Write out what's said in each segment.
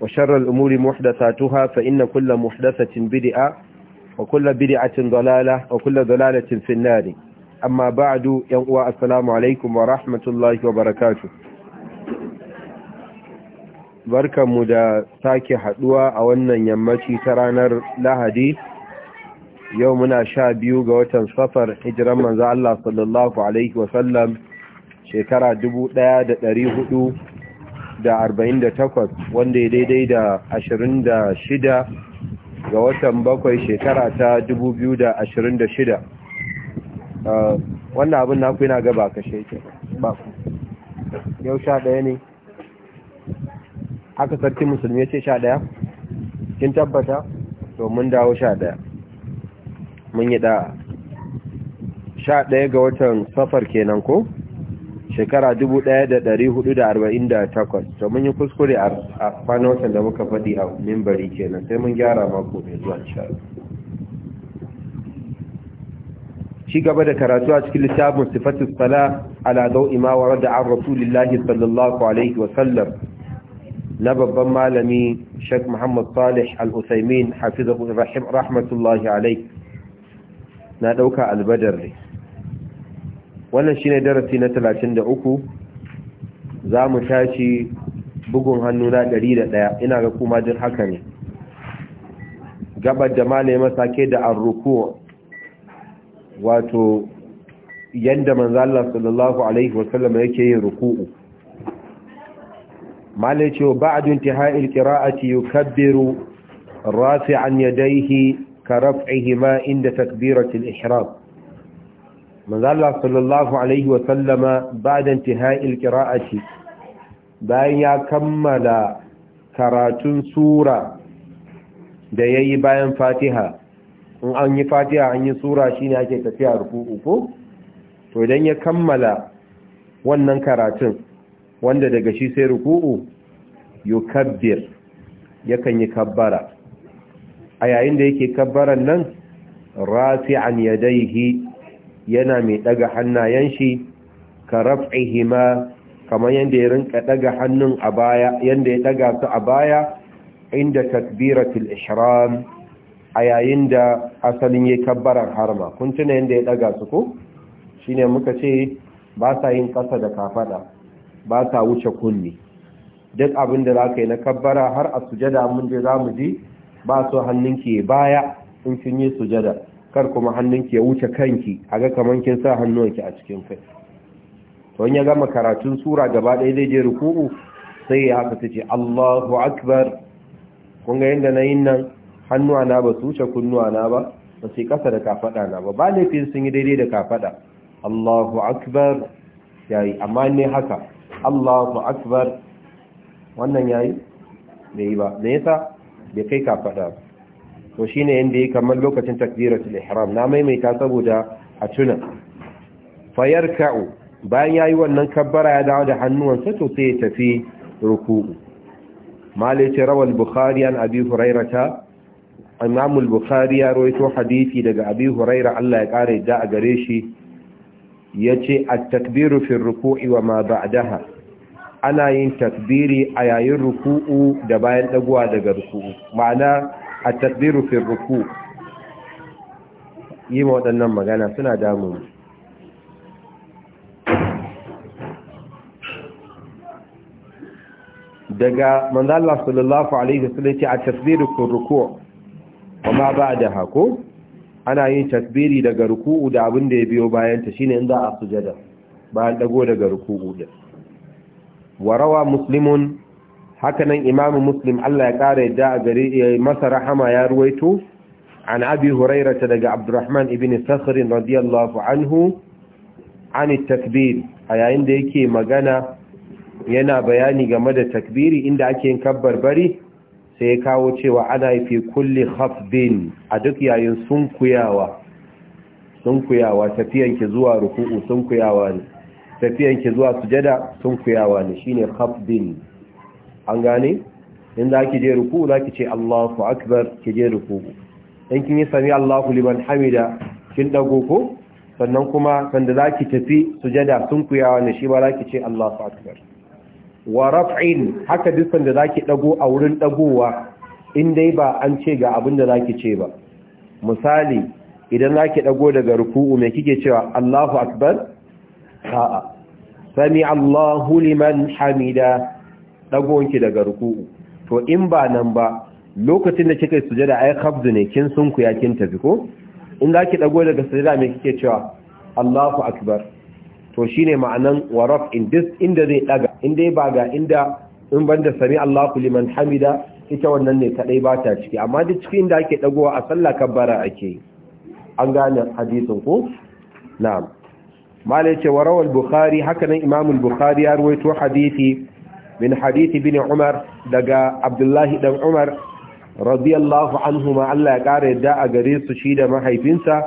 وشر الأمور محدثاتها فإن كل محدثة بدعة وكل بدعة ضلالة وكل ضلالة في النار أما بعد يوم السلام عليكم ورحمة الله وبركاته barkanmu da sake haduwa a wannan yammaci ta ranar lahadi yau muna sha biyu ga watan safar hijira manzo Allah dubu ɗaya da ɗari 1400 da 48 wanda ya daidai da 26 ga watan bakwai shekara ta 2026 uh, wannan abin na kuna gaba ka sheke ba yau sha ɗaya ne aka sarki musulmi ya ce sha ɗaya kin tabbata to mun dawo sha ɗaya mun yi da sha ɗaya ga watan safar kenan ko? shekara 1448 to mun yi kuskure a kwanan da muka faɗi a mimbari kenan sai mun gyara mako mai zuwa insha shi gaba da karatu a cikin littafin sifatus sala ala dawi ma da an rasulillahi sallallahu alaihi wa na babban malami shak Muhammad Salih al usaimin hafizahu rahmatullahi alaihi na dauka albadar ne wannan shine darasi na talatin 33 za mu tashi bugun hannu na 101 ina ga kuma duk haka ne gabar da malaye masake da arruku wato yadda manzala sallallahu alaihi wasallam yake yin ruku'u malaye ce ba'd yi kabbiru yukabbiru an yadaihi ka rafi ma inda takbiratul ihram manzala sallallahu alaihi wa sallama bayan tihail ce, bayan ya kammala karatun sura da yayi bayan fatiha in an yi fatiha an yi sura shine ake tafiya ruku'u ko to idan ya kammala wannan karatun wanda daga shi sai ruku'u yukabbir yakan yi kabbara a yayin da yake kabbaran nan rafi'an yadaihi yana mai daga hannayen shi ka hima kamar yadda ya rinka daga hannun a baya yadda ya daga su a baya inda takbiratul ishram a yayin da asalin ya kabbarar harma kun tuna yadda ya daga su ko shine muka ce ba sa yin kasa da kafada ba sa wuce kunni duk abin da ka yi na kabbara har a sujada mun je za mu ji ba su hannunki baya in kun yi sujada kar kuma hannunki ya wuce kanki aga kaman kin sa hannunki a cikin kai to in ya gama karatun sura gaba ɗaya zai je ruku'u sai ya haka tace Allahu akbar kun ga yanda yin nan hannuwa na ba su wuce kunnuwa na ba ba sai kasa da kafada na ba ba laifin sun yi daidai da kafaɗa Allahu akbar yayi amma ne haka Allahu akbar wannan yayi bai yi ba me yasa bai kai kafaɗa ba to shine yanda yi kamar lokacin takbiratul ihram na maimaita saboda a tuna fayarka'u bayan yayi wannan kabbara ya dawo da hannuwansa to sai ya tafi ruku'u malaiti rawal bukhari an abi hurairata imam al-bukhari ya rawaito hadisi daga abi huraira Allah ya kare da a gare shi yace "A takbiru fi ruku'i wa ma ba'daha ana yin takbiri a yayin ruku'u da bayan dagowa daga ruku'u ma'ana a tasbiru fi ruku yi ma waɗannan magana suna damu daga manzala sallallahu alaihi wasallam ce a tasbiru fi ruku kuma ba da hako ana yin tasbiri daga ruku'u da abin da ya biyo bayan ta shine in za a sujada bayan dago daga ruku'u ɗin. warawa muslimun haka nan imamu muslim Allah ya ƙara yadda a gari ya masa rahama ya ruwaito an abi hurairata daga abdurrahman ibn sakhirin radiyallahu anhu an takbir a yayin da yake magana yana bayani game da takbiri inda ake yin kabbar bari sai ya kawo cewa ana yi fi kulli khafdin a duk yayin sunkuyawa sunkuyawa ki zuwa ruku'u sunkuyawa ne ki zuwa sujada sunkuyawa ne shine khafdin an gane in za ki je ruku za ki ce Allahu akbar ki je ruku in kin yi sami Allahu liman hamida kin dago ko sannan kuma sanda za ki tafi sujada sun kuyawa ne shi ba za ki ce Allahu akbar wa raf'in haka duk sanda za ki dago a wurin dagowa in dai ba an ce ga abin da za ki ce ba misali idan za ki dago daga ruku'u me kike cewa Allahu akbar a'a sami Allahu liman hamida dagowanki daga ruku'u to in ba nan ba lokacin da kika sujada ai kabdu ne kin sunku ya kin tafi ko in zaki dago daga sujada me kike cewa Allahu akbar to shine ma'anan waraf in this inda zai daga inda ba ga inda in banda sami Allahu liman hamida ita wannan ne kadai ba ta ciki amma duk cikin da ake dagowa a sallah kabbara ake an gane hadisin ko na'am malai ce warawal bukhari haka nan imamul bukhari ya rawaito hadisi min hadithi bin umar daga abdullahi dan umar radiyallahu anhu ma Allah ya kare yadda a gare su shi da mahaifinsa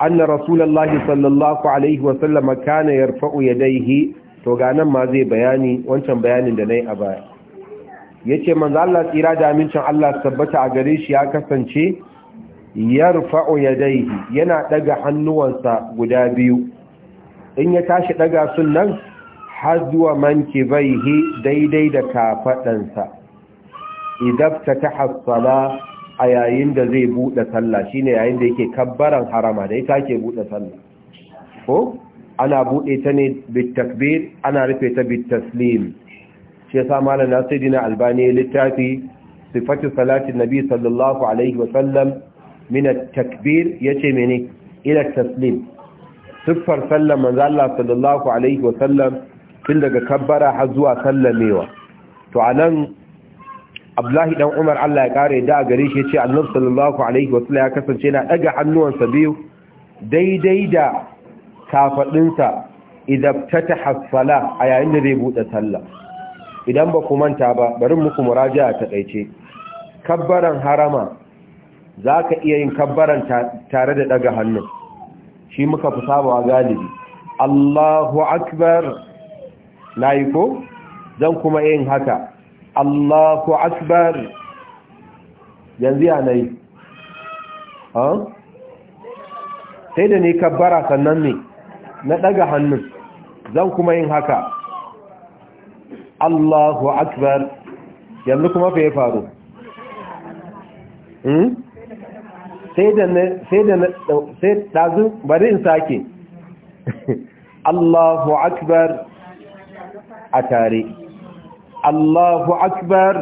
anna rasulullahi sallallahu alaihi wa sallam kana yarfa'u yadayhi to ga nan ma zai bayani wancan bayanin da nayi a baya yace manzo Allah tsira da amincin Allah tabbata a gare shi ya kasance yarfa'u yadayhi yana daga hannuwansa guda biyu in ya tashi daga sunnan hazuwa manki baihi daidai da kafaɗansa idabta ta hassala a yayin da zai buɗe sallah shi ne yayin da yake kabbaran harama da ita ke buɗe sallah ko ana buɗe ta ne bitakbir ana rufe ta bitaslim shi yasa malam na Albani littafi sifatu salatin nabi sallallahu alaihi wa sallam min at-takbir yace mene ila taslim siffar sallan manzo Allah sallallahu alaihi wa sallam tun daga kabbara har zuwa sallamewa to anan Abdullahi dan Umar Allah ya kare da gare shi yace Annabi sallallahu alaihi wasallam ya kasance na ɗaga hannuwansa biyu daidai da kafaɗinsa idan tataha a yayin da zai bude sallah idan ba ku manta ba bari muku muraja'a ta taƙaice. kabbaran harama zaka iya yin kabbaran tare da ɗaga hannu shi muka fi sabawa galibi Allahu akbar nayi ko zan kuma yin haka Allahu akbar yanzu ya nayi sai da ne kabbara sannan ne na daga hannun zan kuma yin haka Allahu akbar yanzu kuma fa ya faru hmm? sai da na sai bari in sake Allahu akbar a tare Allahu akbar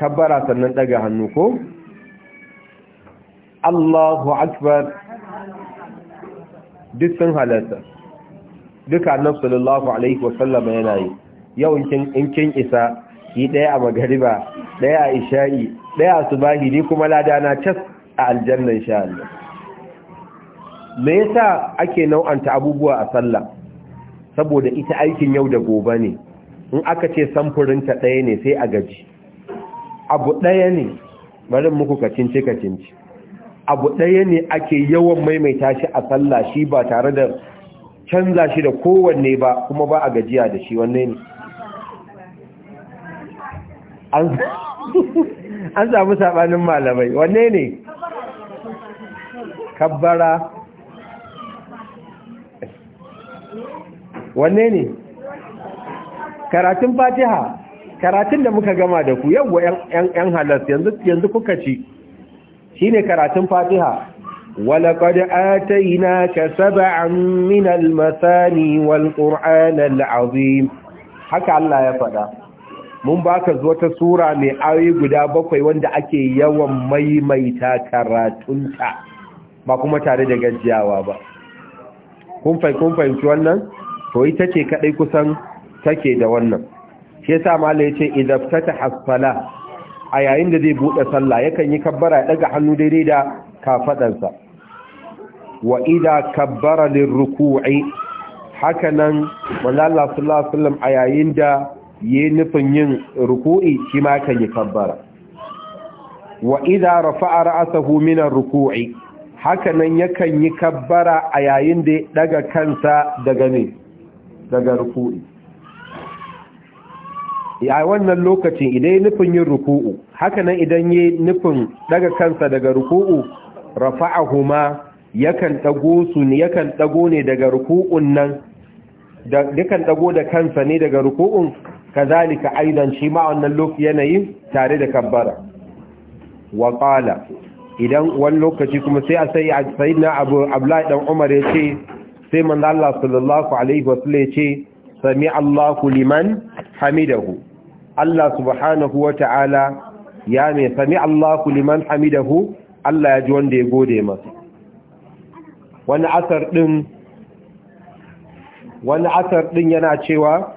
kabbara sannan ɗaga hannu ko Allahu akbar duk sun halarta duka annabi sallallahu alaihi wasallam yana yi yau in kin isa yi ɗaya a magariba ɗaya a isha'i ɗaya a subahi ni kuma ladana cas a aljannan sha'allah. me yasa ake nau'anta abubuwa a sallah saboda ita aikin yau da gobe ne in aka ce samfurinta ɗaya ne sai a gaji abu ɗaya ne bari muku kacinci kacinci abu ɗaya ne ake yawan maimaita shi a sallah shi ba tare da canza shi da kowanne ba kuma ba a gajiya da shi wanne ne an samu saɓanin malamai wanne ne kabbara wanne ne karatun fatiha karatun da muka gama da ku yau yan halas yanzu kuka ci shi ne karatun fatiha a ta yi ولقد آتيناك سبعا من wal والقرآن العظيم haka Allah ya faɗa mun baka ta sura mai awi guda bakwai wanda ake yawan maimaita karatunta ba kuma tare da gajiyawa ba kun fahimci wannan to ita ce kadai kusan take da wannan shi yasa malai yace idza fataha as-sala a yayin da zai bude sallah yakan yi kabbara ya daga hannu daidai da kafadansa wa idza kabbara lirruku'i haka nan manzo sallallahu alaihi wasallam a yayin da yi nufin yin ruku'i shi ma kan yi kabbara wa idza rafa'a ra'sahu min ar-ruku'i haka nan yakan yi kabbara a yayin da ya daga kansa daga ne daga ruku'i a wannan lokacin idan nufin yin ruku'u hakanan idan yi nufin daga kansa daga ruku'u rafa'ahuma yakan dago su ne yakan dago ne daga ruku'un nan da dukan dago da kansa ne daga ruku'un kazalika aidan shi ma wannan lokaci yanayin tare da kabbara wa qala idan wani lokaci kuma sai a sai sayyidina Abu abdullahi dan Umar ya ce. sai manzo Allah sallallahu alaihi wasallam ya ce sami Allahu liman hamidahu Allah subhanahu wata'ala ya me sami Allahu liman hamidahu Allah ya ji wanda ya gode masa wani asar din wani asar din yana cewa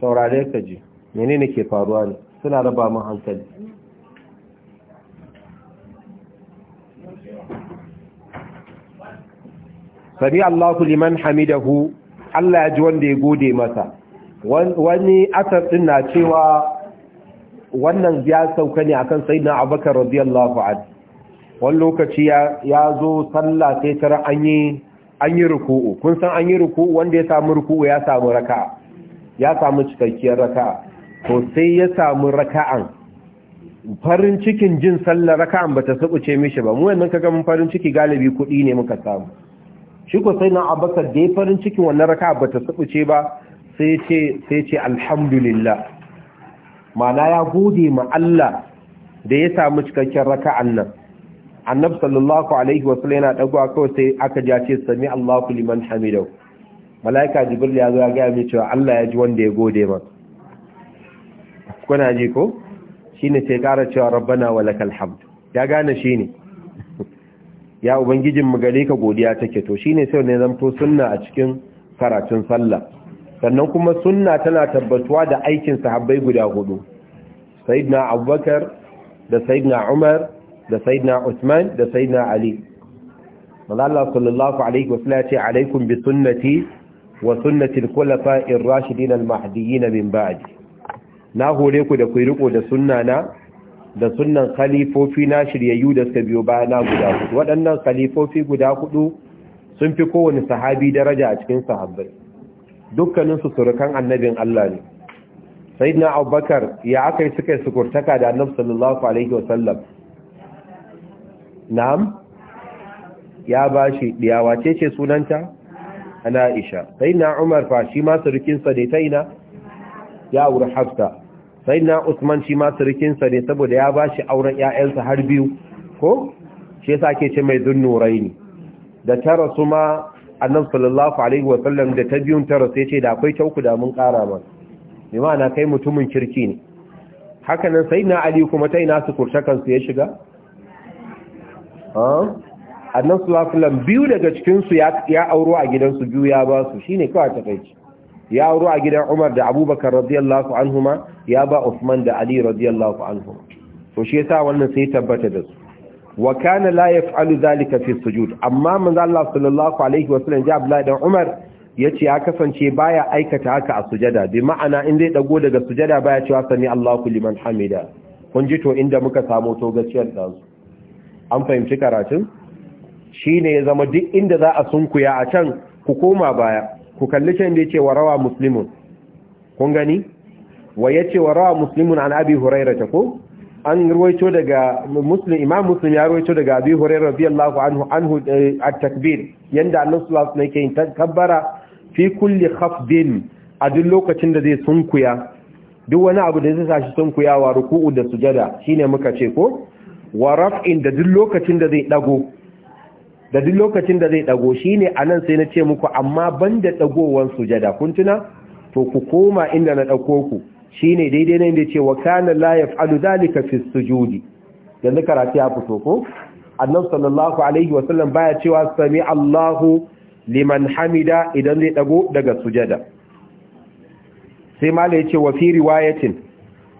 saurare ka ji menene ke faruwa ne suna raba mu hankali sami ku liman hamidahu Allah ya ji wanda ya gode masa wani asar din na cewa wannan ya sauka ne akan sayyidina Abubakar radiyallahu anhu wani lokaci ya zo sallah sai tara an yi an yi ruku'u kun san an yi ruku'u wanda ya samu ruku'u ya samu raka'a ya samu cikakkiyar raka'a to sai ya samu raka'an farin cikin jin sallar raka'an bata sabuce mishi ba mu yanzu kaga mun farin ciki galibi kuɗi ne muka samu shi ko sai na abakar da ya farin cikin wannan raka ba ta sabuce ba sai ce alhamdulillah mana ya gode ma Allah da ya samu cikakken raka nan annab sallallahu alaihi wa sallam yana dagwa kawai sai aka ja ce sami Allahu liman hamida malaika jibril ya zo ya ga mai cewa Allah ya ji wanda ya gode ma kuna ji ko shine sai kara cewa rabbana walakal hamd ya gane shine ya ubangijin mu gare ka godiya take to shine sai ne zanto sunna a cikin karatun sallah sannan kuma sunna tana tabbatuwa da aikin sahabbai guda hudu sayyidina abubakar da sayyidina umar da sayyidina usman da sayyidina ali Allah sallallahu alaihi wasallam ya ce alaikum bi sunnati wa sunnati al-khulafa'ir rashidin al-mahdiyyin min ba'di na hore ku da ku riko da sunna na. da sunnan khalifofi na shiryayyu da suka biyo bayana guda hudu waɗannan khalifofi guda hudu sun fi kowane sahabi daraja a cikin sahabbai su surukan annabin Allah ne sayyidina abubakar ya aka yi suka sukurtaka da annabi sallallahu alaihi wasallam na'am ya bashi diyawa ce ce sunanta ana isha sayyidina umar fa shi ma surukin sa ne taina ya aure hafsa sai na usman shi ma surukinsa ne saboda ya ba shi auren 'ya'yansa har biyu ko shi yasa ake ce mai zunnurai ne da tara su ma annabi sallallahu alaihi wa sallam da ta biyun tara yace ce da akwai tauku da mun kara ma bi ma'ana kai mutumin kirki ne haka nan sai na ali kuma ta ina su kurtakan kansu ya shiga annabi sallallahu alaihi wa sallam biyu daga cikin su ya auro a gidansu biyu ya ba su shine kawai takeici ya auro a gidan Umar da Abubakar radiyallahu anhuma ya ba Uthman da Ali radiyallahu anhuma to shi yasa wannan sai tabbata da su wa kana la yaf'alu zalika fi sujud amma manzo Allah sallallahu alaihi wasallam ja Abdullah dan Umar yace ya kasance baya aikata haka a sujada bi ma'ana in zai dago daga sujada baya cewa sami Allahu liman hamida kun ji to inda muka samu to gaciyar su an fahimci karatun shine ya zama duk inda za a sunkuya a can ku koma baya ku kalli can da yace wa rawa muslimun kun gani wa yace wa rawa muslimun an abi hurairah ta ko an ruwaito daga muslim imam muslim ya ruwaito daga abi hurairah radiyallahu anhu anhu eh, at-takbir yanda annabi sallallahu alaihi wasallam yake takabbara fi kulli khafdin a duk lokacin da zai sunkuya duk wani abu da zai sashi sunkuyawa ruku'u da sujada shine muka ce ko wa raf'in da duk lokacin da zai dago da duk lokacin da zai dago shine nan sai na ce muku amma da dagowan sujada kun tuna to ku koma inda na ɗauko ku Shi ne daidai na inda ce wa kanan layaf yaf'alu fi sujudi yanzu karatu ya fito ko annabi sallallahu alaihi wasallam baya cewa sami Allahu liman hamida idan zai dago daga sujada sai mala yace wa fi riwayatin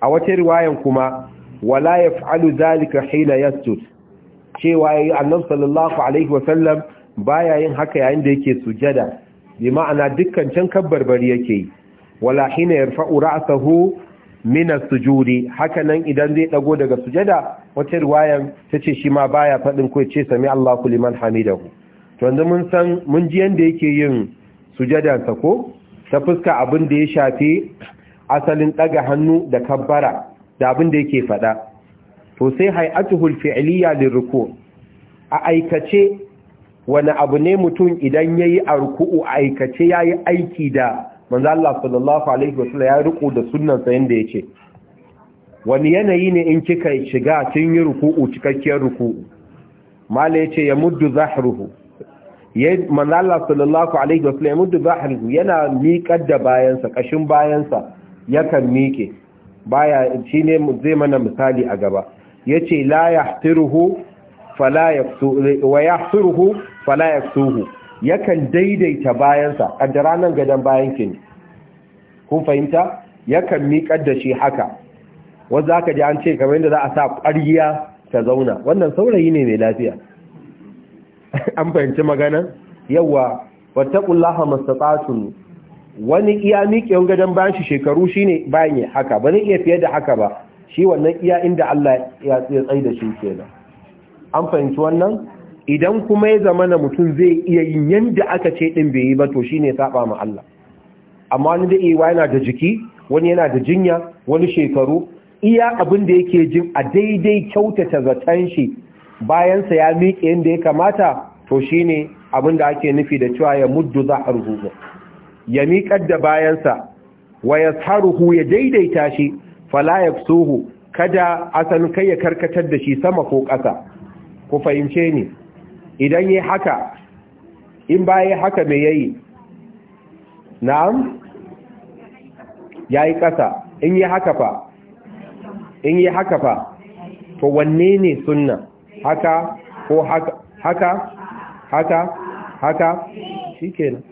a wata riwayan kuma wala yaf'alu zalika hina yasjud cewa ya yi annabi sallallahu alaihi wasallam baya yin haka yayin da yake sujada bi ma'ana dukkan can kabbarbari yake yi wala hina yarfa'u ra'sahu min as-sujudi hakanan idan zai dago daga sujada wata ta ce shi ma baya fadin ko ce sami Allahu liman hamidahu to yanzu mun san mun ji yanda yake yin sujadan sa ko ta fuska abin da ya shafi asalin daga hannu da kabbara da abin da yake faɗa. to sai hay'atuhul fi'liya lirruku a aikace wani abu ne mutum idan yayi a ruku'u a aikace yayi aiki da manzo Allah sallallahu alaihi wasallam ya ruku da sunnan sa yanda ce. wani yanayi ne in kika shiga tun yi ruku'u cikakkiyar ruku'u mala yace ya muddu zahruhu manzo Allah sallallahu alaihi wasallam ya muddu zahruhu yana miƙar da bayansa kashin bayansa yakan miƙe baya shine zai mana misali a gaba yace la yahtiruhu fala yafsu wa yakan daidaita bayansa kaddara nan gadan bayan kun fahimta yakan miƙar da shi haka wanda aka ji an ce kamar yadda za a sa ƙarya ta zauna wannan saurayi ne mai lafiya an fahimci magana yawa wattaqullaha mastata'tum wani iya miƙewan gadon bayan shi shekaru shine bayan haka ba zai iya fiye da haka ba shi wannan iya inda Allah ya tsaye da shi kenan an fahimci wannan idan kuma ya zama na mutum zai iya yin yanda aka ce ɗin bai yi ba to shine saba ma Allah amma wani da iya yana da jiki wani yana da jinya wani shekaru iya abin da yake jin a daidai kyautata zaton shi bayansa ya miƙe yadda ya kamata to shine abin da ake nufi da cewa ya muddu za a ruhu ya miƙar da bayansa wa ya ya daidaita shi fala suhu kada asalin kai ya karkatar da shi sama ko ƙasa ku fahimce ni idan yi haka in ba yi haka mai yayi na'am yayi ƙasa in yi haka fa in yi haka fa to wanne ne sunna haka ko haka haka haka haka shikenan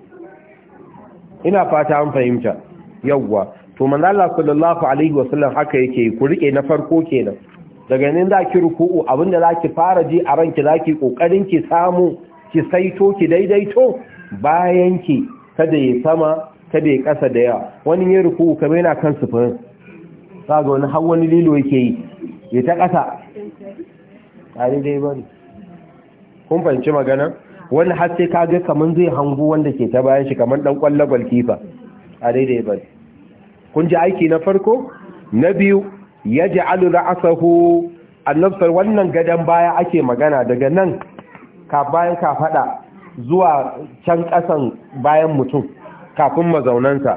ina fata an fahimta yawwa to manzo Allah sallallahu alaihi wasallam haka yake ku rike na farko kenan daga nan za ki ruku'u abinda za ki fara ji a ranki za ki kokarin ki samu ki saito ki daidaito bayan ki kada ya sama kada ya kasa da yawa wani ya ruku'u kamar yana kan sufin kaga wani har wani lilo yake yi ya ta kasa tare dai bari kun fahimci magana wani har sai kaga kaman zai hango wanda ke ta bayan shi kaman dan kwallon kifa a daidai bari kun ji aiki na farko na biyu ya ji a annabtar wannan gadon baya ake magana daga nan ka bayan ka fada zuwa can kasan bayan mutum kafin mazaunansa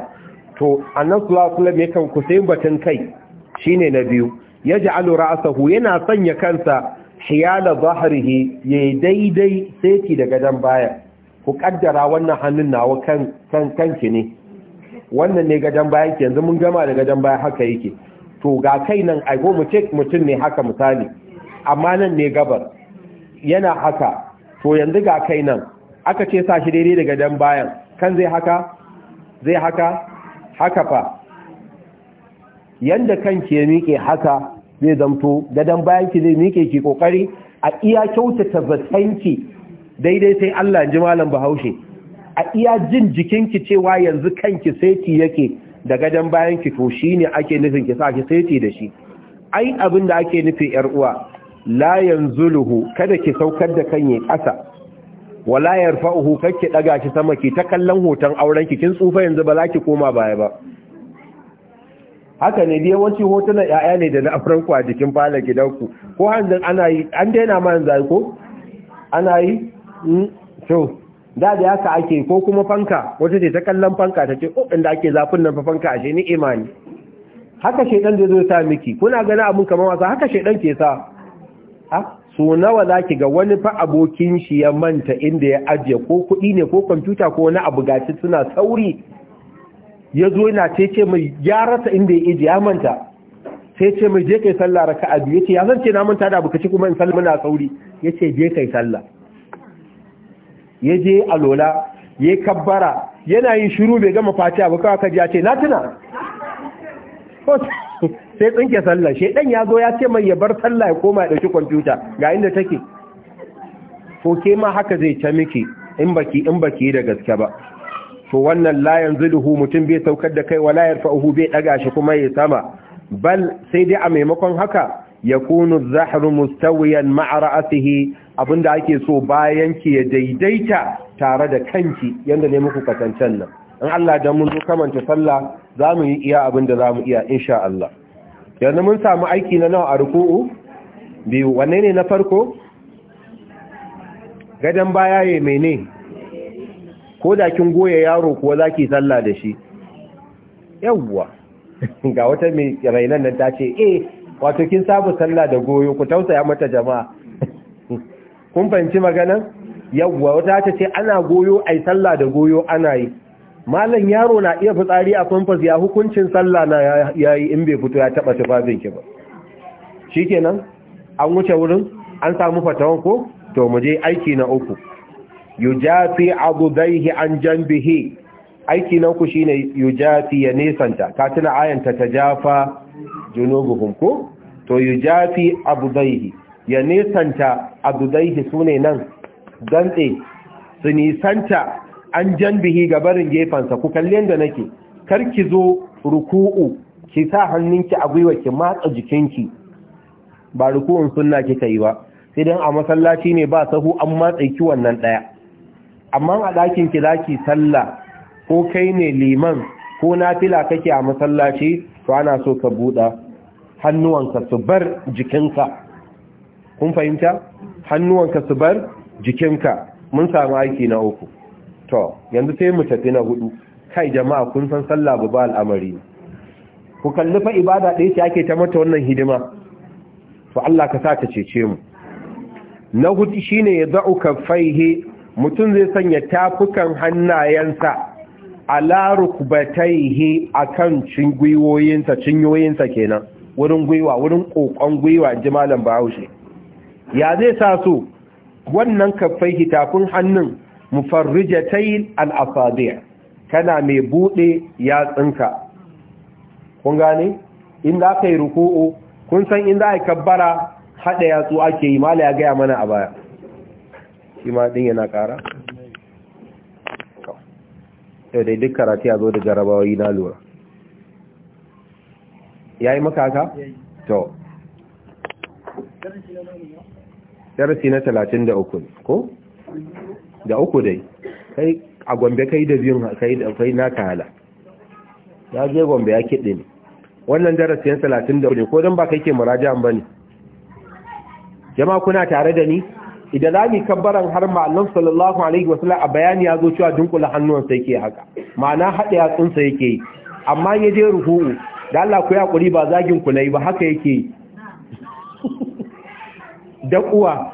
to annabtar sulam ya kan yin batun kai shi ne na biyu ya ji asahu yana sanya kansa shiyala zaharihi ya yi daidai seti da gadon baya ku kaddara wannan hannun nawa kan kanki ne wannan ne gadon baya ke yanzu mun gama da gadon baya haka yake to ga kai nan aiko mutum ne haka misali amma nan ne gabar yana haka to yanzu ga kai nan aka ce sa shi daidai da gadon bayan kan zai haka zai haka haka fa yanda kan ke miƙe haka zai zamto gadon bayan ki zai miƙe ki kokari a iya kyautata zatanki daidai sai Allah ji malam Bahaushe a iya jin jikinki cewa yanzu kanki saiti yake da gadon bayan ki to shine ake nufin ki saki saiti da shi ai abin da ake nufi yar uwa la yanzuluhu kada ki saukar da kan yi ƙasa wala yarfa'uhu kake daga shi sama ki ta kallon hoton auren ki kin tsufa yanzu ba za ki koma baya ba haka ne dai yawanci hotunan yaya ne da na afran ku a jikin falon gidanku ko hanzin ana yi an daina ma yanzu ko ana yi hmm, to da da haka ake ko kuma fanka wata ce ta kallon fanka ta ce oh inda ake zafin nan fa fanka ashe ni imani haka shedan da zo ta miki kuna gani abun kamar wasa haka shedan ke sa ha so nawa zaki ga wani fa abokin shi ya manta inda ya ajiye ko kuɗi ne ko kwamfuta ko wani abu gaci suna sauri ya zo yana ce ce mai ya rasa inda ya ije ya manta sai ce mai je kai sallah raka'a biyu yace ya zance na manta da abu kace kuma in sallama na sauri yace je kai sallah ya je a lola, ya kabbara yana yin shiru bai gama fatiha ba kawai kaji ya ce na tuna sai tsinke sallah ɗan ya zo ya ce mai ya bar sallah ya koma ya ɗauki kwamfuta ga inda take ko ke ma haka zai ta miki in baki in baki da gaske ba to wannan la luhu mutum bai saukar da kai layar fa'uhu bai ɗaga shi kuma ya sama bal sai dai a maimakon haka yakunu az-zahru mustawiyan ma'a abinda ake so bayan ki ya daidaita tare da kanki yanda ne muku katancan nan in Allah dan mun zo kamanta sallah zamu yi iya abinda zamu iya insha Allah yanzu mun samu aiki na nawa a ruku'u Bi wanne ne na farko gadan baya ya mene ko da kin goya yaro kuwa zaki sallah da shi yawwa ga wata mai rainan nan ta ce eh wato kin saba sallah da goyo ku tausaya mata jama'a kun fahimci maganan yawwa wata ta ce ana goyo ai sallah da goyo ana yi malam yaro na iya fitsari a famfas ya hukuncin sallah na yayi in bai fito ya taba tufafin ki ba shikenan an wuce wurin an samu fatawan ko to mu je aiki na uku yujafi abudaihi an janbihi aiki na uku shine yujafi ya nesanta ka tuna ayan ta tajafa junubuhum ko to yi jafi abudaihi ya nisanta abudaihi sune nan gantse su nisanta an bihi ga barin gefansa ku kalli yadda nake karki zo ruku'u ki sa hannunki a gwiwa ki matsa jikinki ba ruku'un sunna kika yi ba sai dan a masallaci ne ba sahu an matsa ki wannan ɗaya. amma a ɗakin ki zaki sallah ko kai ne liman ko nafila kake a masallaci to ana so ka buɗa hannuwanka su bar jikinka kun fahimta hannuwanka su bar jikinka mun samu aiki na uku to yanzu sai mu tafi na hudu kai jama'a kun san sallah ba al'amari ku kalli fa ibada ɗaya ce ake ta mata wannan hidima to Allah ka sa ta cece mu na hudu shine ya za'u kaffaihi mutum zai sanya tafukan hannayensa ala rukbataihi akan cingiyoyinsa cinyoyinsa kenan wurin gwiwa wurin kokon gwiwa ji malam bahaushe ya zai sa so wannan kaffai hitafin hannun mufarrijatayil al-asabi' kana mai bude tsinka kun gane in za ka yi ruku'u kun san in za a yi kabbara haɗa yatsu ake yi mala ya gaya mana a baya shi ma ɗin yana ƙara yau dai duk karatu ya zo da jarabawa yi na lura Ya yi maka haka to darasi na 33 ko da uku dai kai a gombe kai da biyun kai da kai na kala ya je gombe ya kiɗe ne wannan darasin 33 ne ko don ba kai ke murajan ne jama'a kuna tare da ni idan lami kabbaran har ma'allan sallallahu alaihi wasallam a bayani ya zo cewa dunkula hannuwansa yake haka ma'ana haɗe yatsunsa yake yi amma ya je ruku'u da Allah ku yaƙuri ba zagin ku na ba haka yake da kuwa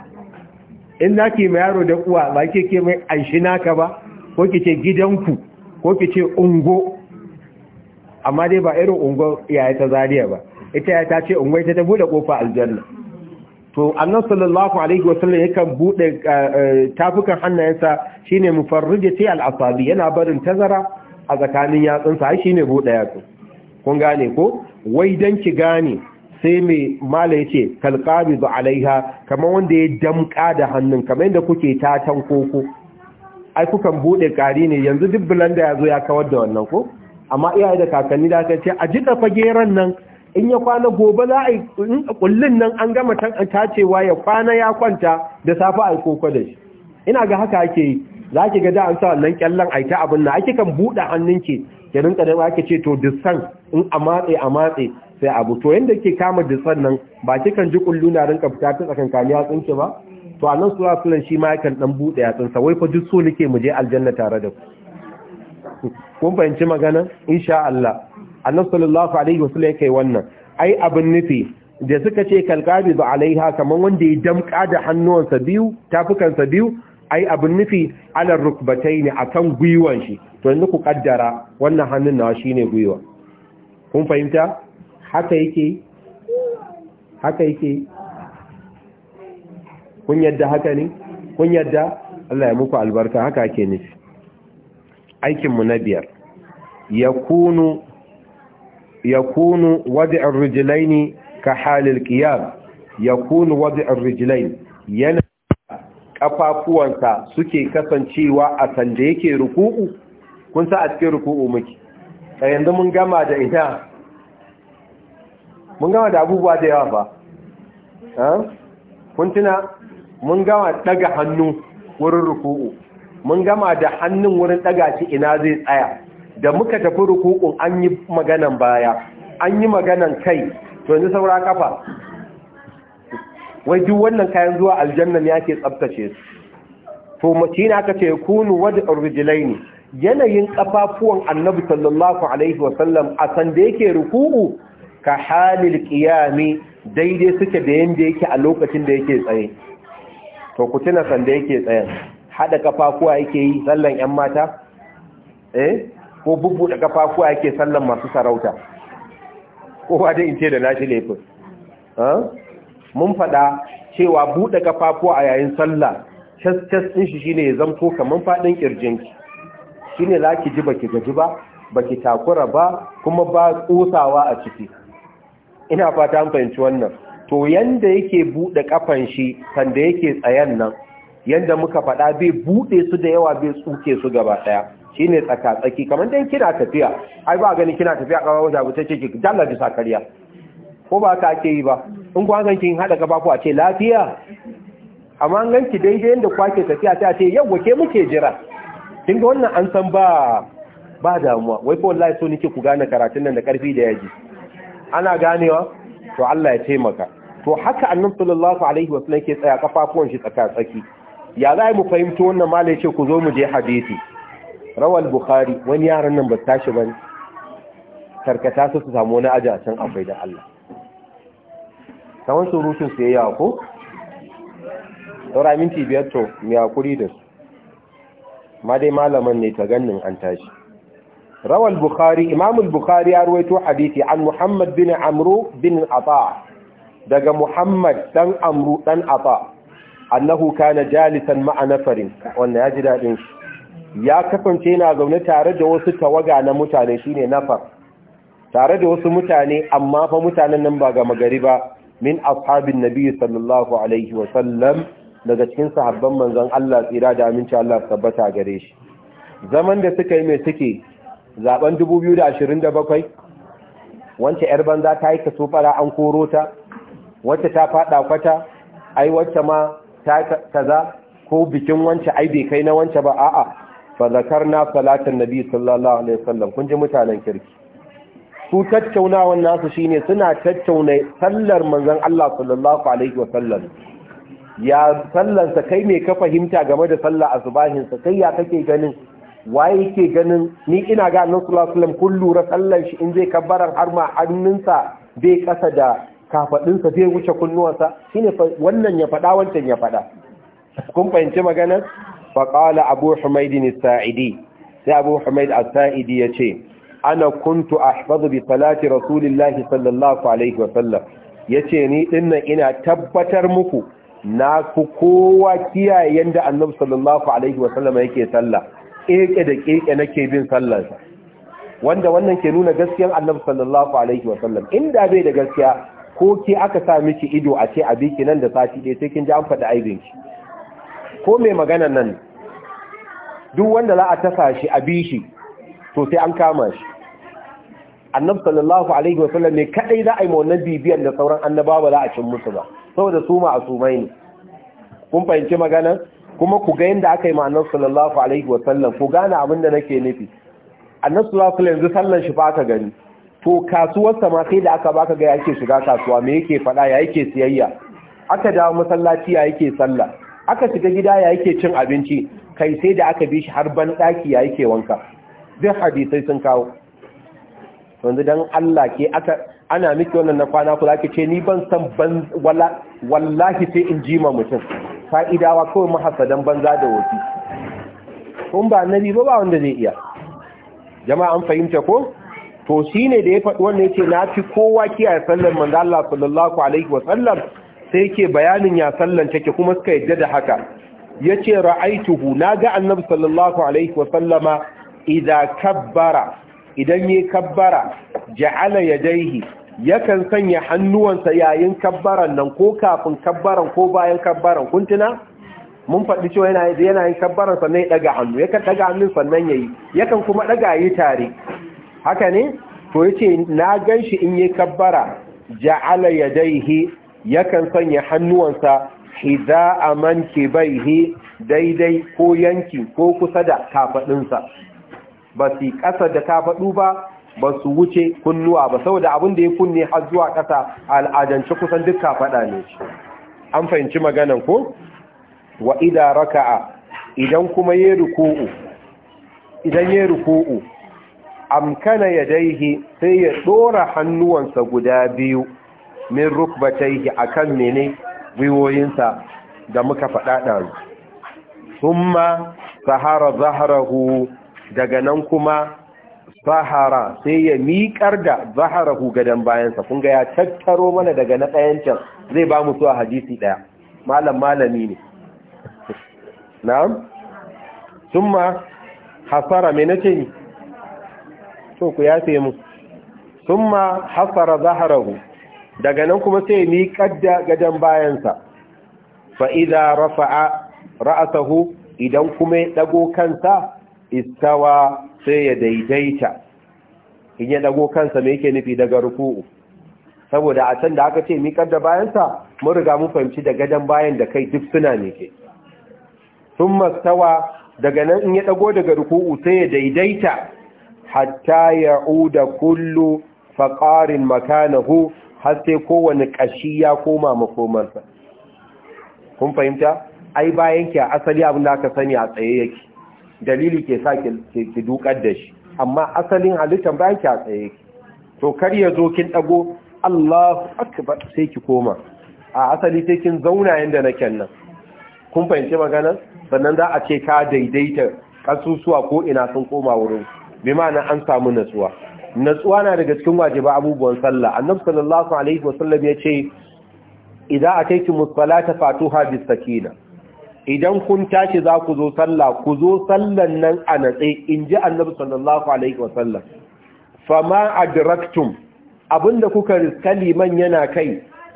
in za mai yaro da ba ke ke mai anshi naka ba ko ki ce gidanku ko ki ce ungo amma dai ba irin ungo yaya ta zariya ba ita ya ta ce ungo ita ta buɗe ƙofa aljanna to annan sallallahu alaihi wasallam yakan buɗe eh, eh, tafukan hannayensa shine mufarrijati al-asabi yana barin tazara a tsakanin yatsunsa shi shine buɗe yatsun kun gane ko wai dan ki gane sai mai mala yace kalqabi ba alaiha kamar wanda ya damka da hannun kamar yadda kuke tan koko ai kukan bude kari ne yanzu duk blender ya zo ya kawar da wannan ko amma iyaye da kakanni da aka ce a da fageran nan in ya kwana gobe za a yi kullun nan an gama tacewa ya kwana ya kwanta da safe a koko da shi ina ga haka ake yi za ki ga da an sa wannan kyallon aita abin nan ake kan buɗe ki. ya rinka da ake ce to disan in a matse a matse sai abu to yanda ke kama disan nan ba kikan ji kullu na rinka fita ta kani ya tsinke ba to a nan sura sunan shi ma yakan dan bude ya tsinsa wai fa duk so nake mu je aljanna tare da ku kun fahimci magana insha Allah annabi sallallahu alaihi wasallam yake wannan ai abin nufi da suka ce kalqabi ba alaiha kaman wanda ya damka da hannuwansa biyu tafukansa biyu ai abin nufi ala rukbataini akan gwiwan shi to yanzu ku kaddara wannan hannun nawa shine gwiwa kun fahimta haka yake haka yake kun yadda haka ne kun yadda Allah ya muku albarka haka ake nufi aikin mu na biyar yakunu yakunu wad'ar rijlaini ka halil qiyam yakunu wad'ar rijlaini yana kafafuwansa suke kasancewa a sanda yake ruku'u kun sa a cikin ruku'u miki a yanzu mun gama da ita mun gama da abubuwa da yawa ba kun tuna mun gama daga hannu wurin ruku'u mun gama da hannun wurin daga shi ina zai tsaya da muka tafi ruku'u an yi maganan baya an yi maganan kai to yanzu saura kafa wai duk wannan kayan zuwa aljannan ya ke tsabtace su to mace ne aka ce kunu wadda ne yanayin kafafuwan annabi sallallahu alaihi wasallam a sande yake ruku'u ka halil qiyami daidai suke da yanda yake a lokacin da yake tsaye to ku tuna sanda yake tsaye hada kafafuwa yake yi sallan yan mata eh ko da kafafuwa yake sallan masu sarauta Ko da in ce da nashi laifin mun faɗa cewa buɗe kafafuwa a yayin sallah cas-cas ɗin shi shine ya zamto kamar faɗin kirjinki shine za ki ji baki gaji ba baki takura ba kuma ba kusawa a ciki ina fata fahimci wannan to yanda yake bude kafan shi sanda yake tsayan nan yanda muka faɗa bai bude su da yawa bai tsuke su gaba daya shine tsaka tsaki kamar dai kina tafiya ai ba gani kina tafiya kafa wata abu take ki dalla ji sakariya ko ba ka ake yi ba in ku hakan kin hada gaba ku a ce lafiya amma an ganki daidai yanda kwake tafiya sai a ce yau ke muke jira kin ga wannan an san ba ba damuwa wai fa wallahi so nake ku gane karatun nan da karfi da yaji ana ganewa to Allah ya taimaka to haka annabi sallallahu alaihi wasallam ke tsaya kafafuwan shi tsaka tsaki ya za mu fahimta wannan malai ce ku zo mu je hadisi rawal bukhari wani yaran nan ba tashi bane karkata su su samu wani aji a can akwai da Allah kamar rushin su yayi ko saura minti biyar to mi yakuri da su ma dai malaman ne ta gannin an tashi rawal bukhari imamul bukhari ya ruwaito hadisi an muhammad bin amru bin ata daga muhammad dan amru dan ata annahu kana jalisan ma'a nafarin wannan ya ji dadin shi ya kasance yana zaune tare da wasu tawaga na mutane shine nafar tare da wasu mutane amma fa mutanen nan ba ga magari ba min ashabin nabi sallallahu alaihi wa sallam daga cikin sahabban manzon Allah tsira da aminci Allah tabbata gare shi zaman da suka yi mai suke zaben 2027 wacce yar banza ta yi kaso fara an koro ta wacce ta fada kwata ai wacce ma ta kaza ko bikin wacce ai bai kai na wacce ba a'a fa zakarna salatan nabi sallallahu alaihi wasallam kun ji mutanen kirki su tattaunawan nasu shine suna tattauna sallar manzon Allah sallallahu alaihi wasallam ya sallansa kai me ka fahimta game da sallah asubahinsa kai ya kake ganin waye yake ganin ni ina ga annabi sallallahu alaihi wasallam kun lura sallar shi in zai kabbara har ma hannunsa bai kasa da kafadinsa zai wuce kunnuwansa shine wannan ya fada wancan ya fada kun fahimci maganar fa qala abu humayd as-sa'idi sai abu humayd as-sa'idi yace ana kuntu ahfazu bi salati rasulillahi sallallahu alaihi wasallam yace ni dinnan ina tabbatar muku na ku kowa kiyaye yadda annabi sallallahu alaihi wasallam yake sallah keke da keke nake bin sallarsa wanda wannan ke nuna gaskiyar annabi sallallahu alaihi wasallam inda bai da gaskiya ko ke aka sa miki ido a ce abi ki nan da sati ɗaya sai kin ji an faɗi aibin ki ko mai magana nan duk wanda za a tasa shi abi shi to sai an kama shi annabi sallallahu alaihi wasallam ne kadai za a yi ma wannan bibiyar da sauran annabawa za a cin musu ba saboda su ma'asumai ne kun fahimci magana? kuma ku ga yadda aka yi ma annabi sallallahu alaihi wasallam ku gane abin da nake nufi annabi sallallahu alaihi yanzu sallan shi baka ka gani to kasuwar sa sai da aka baka ga yake shiga kasuwa me yake fada ya yake siyayya aka dawo masallaci ya yake sallah aka shiga gida ya yake cin abinci kai sai da aka bi shi har ban daki ya yake wanka duk hadisi sun kawo yanzu dan Allah ke aka ana miki wannan na kwana kula ki ce ni ban san wallahi sai in ji ma mutum fa'idawa kawai mahasadan banza da wofi kun ba annabi ba ba wanda zai iya jama'a an fahimta ko to shine da ya faɗi wannan yace na fi kowa kiyaye sallar manzo Allah sallallahu alaihi wa sallam sai ke bayanin ya sallan take kuma suka yadda da haka yace ra'aituhu naga annabi sallallahu alaihi wa sallama kabbara idan ya kabbara ja'ala yadayhi yakan sanya hannuwansa yayin kabbaran nan ko kafin kabbaran ko bayan kabbaran kuntuna mun faɗi cewa yana yana yin kabbaran sannan ya ɗaga hannu yakan ɗaga hannun sannan yayi yakan kuma ɗaga yi tare haka ne to yace na gan shi in yi kabbara ja'ala yadayhi yakan sanya hannuwansa ke mankibaihi daidai ko yanki ko kusa da kafaɗunsa, ba su ƙasa da kafaɗu ba ba su wuce kunnuwa ba saboda abin da ya kunne har zuwa ƙasa al'adance kusan dukka faɗa ne an fahimci maganan ko wa ida raka'a idan kuma ya ruku'u idan ya ruku'u amkana yadaihi sai ya dora hannuwansa guda biyu min rukbataihi akan mene gwiwoyinsa da muka faɗa su. summa sahara zaharahu daga nan kuma fahara sai ya miƙar da zaharahu gadon bayansa kun ga ya tattaro mana daga na ɗayancin zai ba mu a hadisi ɗaya malam malami ne na'am summa hasara me nace ni to ku ya sai mu summa hasara zaharahu daga nan kuma sai miƙar da gadon bayansa fa idza rafa'a ra'sahu idan kuma ya dago kansa istawa sai ya daidaita in ya dago kansa me yake nufi daga ruku'u saboda a can da aka ce miƙar da bayansa mun riga mun fahimci da gadon bayan da kai duk suna ke sun mastawa daga nan in ya dago daga ruku'u sai ya daidaita hatta ya uda kullu faƙarin makanahu har sai kowane ƙashi ya koma makomarsa kun fahimta ai bayan ki a asali abin da aka sani a tsaye yake dalili ke sa ki dukar da shi amma asalin halittar ba ki a tsaye to kar ya zo kin dago Allahu akbar sai ki koma a asali sai kin zauna yanda nake nan kun fahimci magana sannan za a ce ka daidaita kasusuwa ko ina sun koma wurin bi ma'ana an samu natsuwa natsuwa na daga cikin wajiba abubuwan sallah annabi sallallahu alaihi wasallam ya ce idza ataytumus ta fatuha bis sakinah idan kun tashi za ku zo sallah ku zo sallan nan a natse in ji annabi sallallahu alaihi wasallam fama adraktum abinda kuka riska liman yana kai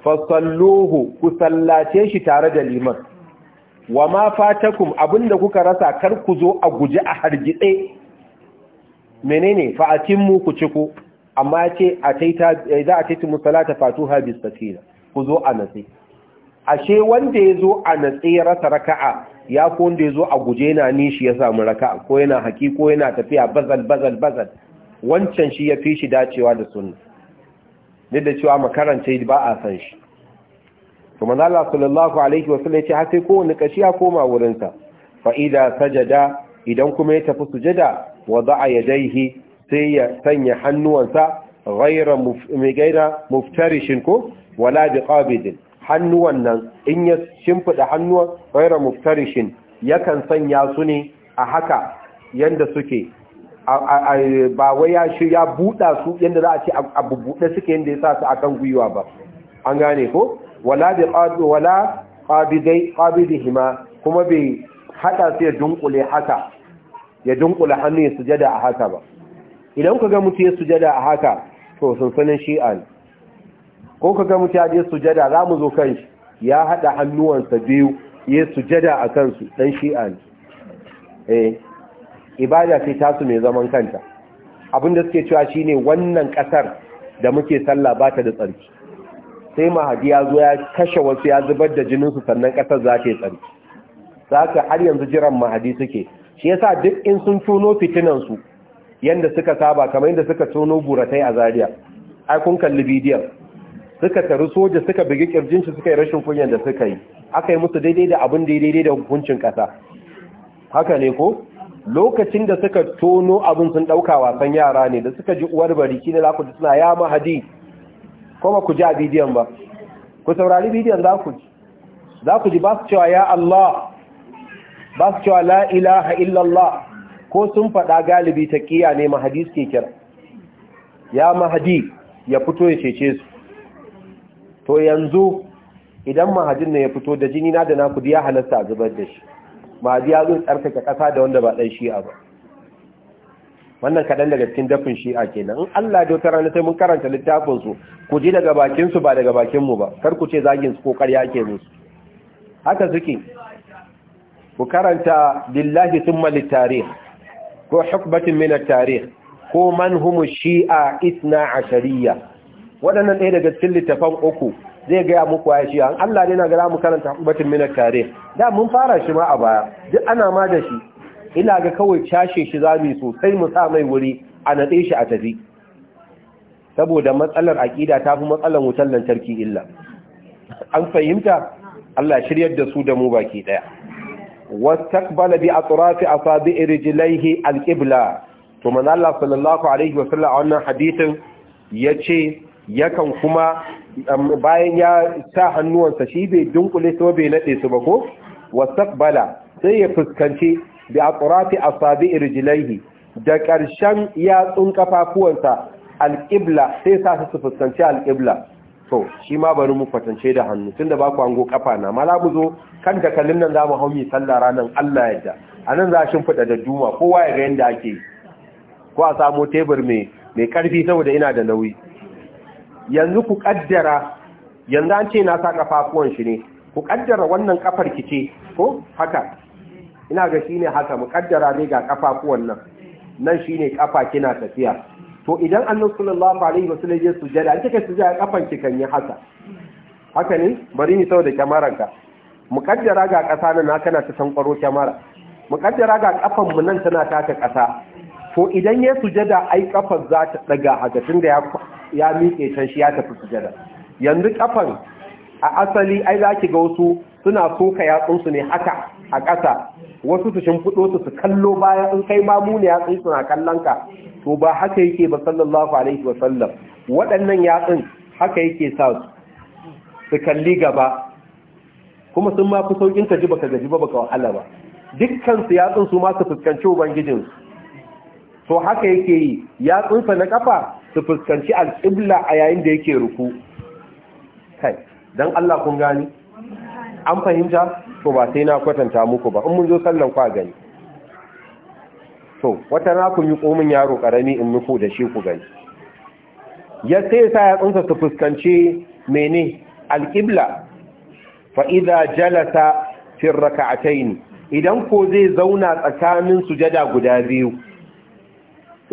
fasalluhu ku sallace shi tare da liman wa ma fatakum abinda kuka rasa kar ku zo a guji a hargitse menene fa atimmu ku ciko amma ce a taita idza atitu musallata fatuha bis ku zo a natse ashe wanda ya zo a ya rasa raka'a ya ko wanda ya zo a guje na nishi ya samu raka'a ko yana haki ko yana tafiya bazal bazal bazal wancan shi ya fi shi dacewa da sunna duk da cewa makaranta ba a san shi su manzo sallallahu alaihi wasallam ya ce har sai kowane kashi ya koma wurinsa Fa'ida, sajada idan kuma ya tafi sujada ya yadaihi sai ya sanya hannuwansa gaira muftarishin ko wala biqabidin hannuwan nan in ya shimfida hannuwan ghaira muftarishin yakan sanya su ne a haka yanda suke ba wai ya shi ya buɗa su yadda za a ce a bubuɗe suke yadda ya sa su akan gwiwa ba an gane ko wala da wala qabidai qabidihima kuma bai haɗa su ya dunkule haka ya dunkule hannu ya sujada a haka ba idan ku ga mutu ya sujada a haka to sun sanin shi'a ne ko ka ga mutum ya sujada za mu zo kan shi ya haɗa hannuwansa biyu ya sujada a kansu ɗan shi'a ne eh ibada ce tasu mai zaman kanta abinda suke cewa shine wannan ƙasar da muke sallah ba ta da tsarki sai mahadi ya zo ya kashe wasu ya zubar da jininsu sannan ƙasar za ta yi tsarki za ka har yanzu jiran mahadi suke shi yasa duk in sun tuno fitinansu yanda suka saba kamar yadda suka tuno buratai a zaria ai kun kalli bidiyon suka taru soja suka bugi kirjin shi suka yi rashin kunyan da suka yi aka yi musu daidai da abin daidai da hukuncin kasa haka ne ko lokacin da suka tono abin sun dauka wasan yara ne da suka ji uwar bari ne za ku ji suna ya mahadi kuma ku ji a bidiyon ba ku saurari bidiyon za ku ji za ku ji ba su cewa ya Allah ba su cewa la ilaha illallah ko sun faɗa galibi ta kiya ne mahadi suke kira ya mahadi ya fito ya cece su to yanzu idan mahajin na ya fito da jini na da naku ya halatta a zubar da shi mahadi ya zo tsarkake ƙasa da wanda ba ɗan a ba wannan kaɗan daga cikin dafin shi a kenan in Allah da wata rana sai mun karanta littafin su ku ji daga bakin su ba daga bakin mu ba kar ku ce zagin su ko ƙarya ke musu haka suke ku karanta lillahi thumma litarih ko hukbatin min at tarih ko man humu shi'a 12 waɗannan ɗaya daga cikin littafan uku zai gaya muku ya shi an Allah ne na gara mu karanta batun minar tare da mun fara shi ma a baya duk ana ma da shi ina ga kawai cashe shi za mu sosai mu sa mai wuri a natse shi a tafi saboda matsalar aƙida ta fi matsalar wutar lantarki illa an fahimta Allah shiryar da su da mu baki ɗaya wastaqbala bi atrafi asabi'i rijlaihi alqibla to manzo Allah sallallahu alaihi wa sallam a wannan hadisin yace yakan kuma bayan ya sa hannuwansa shi bai dunkule su bai nade su ba ko wasaqbala sai ya fuskanci bi aqrati asabi rijlaihi da ƙarshen yatsun kafafuwansa alƙibla sai sa su fuskanci alqibla to shi ma bari mu fatance da hannu tunda ba ku ango kafa na mala mu zo kan dakalin nan zamu hau mi sallah ranan Allah ya da anan za shin fada da duma kowa ya ga yanda ake ko a samu tebur mai mai karfi saboda ina da nauyi yanzu ku kaddara yanzu an ce na sa kafafuwan shi ne ku kaddara wannan kafar ki ce ko haka ina ga shine haka mu kaddara ne ga kafafuwan nan nan shine kafa kina tafiya to idan annabi sallallahu alaihi wasallam ya sujada an kika sujada kafan ki kan yi haka haka ne bari ni saboda kyamaran ka mu kaddara ga kasa nan na kana ta sankwaro kyamara mu kaddara ga kafan mu nan tana taka kasa to idan ya sujada ai kafar za ta daga haka da ya miƙe can shi ya tafi sujada yanzu kafan a asali ai za ki ga wasu suna soka yatsunsu ne haka a ƙasa wasu su shimfiɗo su su kallo bayan in kai mamu ne yatsun suna kallon ka to ba haka yake ba sallallahu alaihi wa sallam waɗannan yatsun haka yake sa su kalli gaba kuma sun ma fi saukin ka ji baka gaji ba baka wahala ba dukkan su yatsun su ma su fuskanci ubangijinsu so haka yake yi ya tsufa na kafa su fuskanci al'ibla a yayin da yake ruku kai don Allah kun gani an fahimta to ba sai na kwatanta muku ba in mun zo sallan kwa gani to wata na ku yi komin yaro karami in muku da shi ku gani ya sai sa ya tsunsa su fuskanci mene alƙibla fa idza jalasa fi rak'atayn idan ko zai zauna tsakanin sujada guda biyu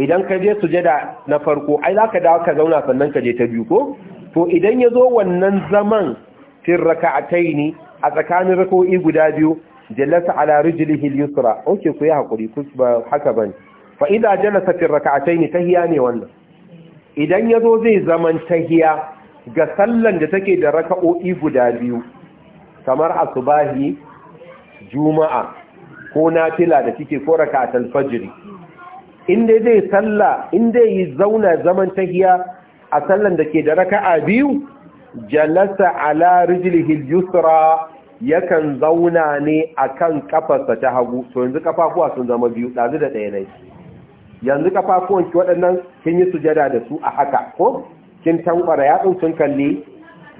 idan ka je sujada na farko ai ka dawo ka zauna sannan ka je ta biyu ko to idan ya zo wannan zaman fil raka a tsakanin rak'o'i guda biyu jallasa ala rijlihi yusra okay ku yi hakuri ku ba haka ba ne. fa idza jalasa fil ta tahiya ne wannan idan ya zo zai zaman tahiya ga sallan da take da raka'o'i guda biyu kamar asubahi juma'a ko na fila da kike ko raka'atul fajr in dai zai salla in dai yi zauna zaman tahiya a sallan da ke da raka'a biyu jalasa ala rijlihi yusra yakan zauna ne akan kafarsa ta hagu to yanzu kafafuwa sun zama biyu dazu da ɗaya ne yanzu kafafuwan ki waɗannan kin yi sujada da su a haka ko kin tankwara yatsun sun kalli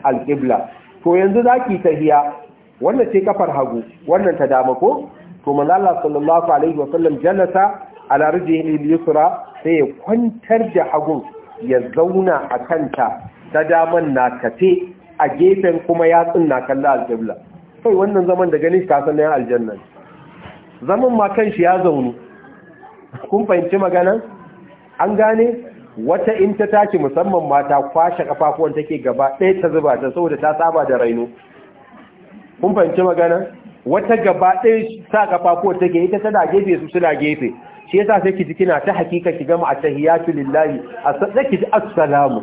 alƙibla to yanzu zaki tahiya wannan ce kafar hagu wannan ta dama ko to manzo Allah sallallahu alaihi wasallam jalasa ala rijlil yusra sai ya kwantar da hagun ya zauna a kanta ta daman na kafe a gefen kuma yatsun na kalla aljabla sai wannan zaman da ganin ka san aljanna zaman ma kan shi ya zaunu kun fahimci magana an gane wata in ta tashi musamman mata kwashe kafafuwan take gaba ɗaya ta zuba ta saboda ta saba da raino kun fahimci magana wata gaba ɗaya sa kafafuwan take ita tana gefe su suna gefe shi yasa sai ki ji kina ta hakika ki gama at-tahiyatu lillahi a ki ji assalamu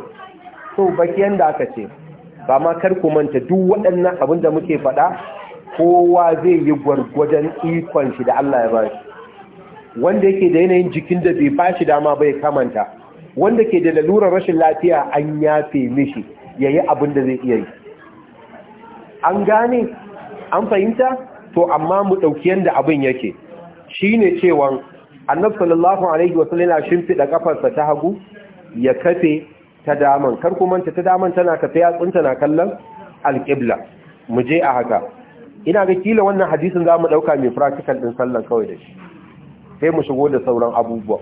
to baki yanda aka ce ba ma kar ku manta duk waɗannan abin da muke faɗa kowa zai yi gwargwadon ikon shi da Allah ya bashi wanda yake da yanayin jikin da bai bashi dama bai kamanta wanda ke da lalurar rashin lafiya an yafe mishi yayi abin da zai iya yi an gane an fahimta to amma mu ɗauki yanda abin yake shine cewa annabi sallallahu alaihi wa wasallam yana shimfida kafarsa ta hagu ya kafe ta daman kar ku manta ta daman tana kafe yatsun na kallon alqibla mu je a haka ina ga kila wannan hadisin zamu dauka mai practical din sallan kawai da shi sai mu shigo da sauran abubuwa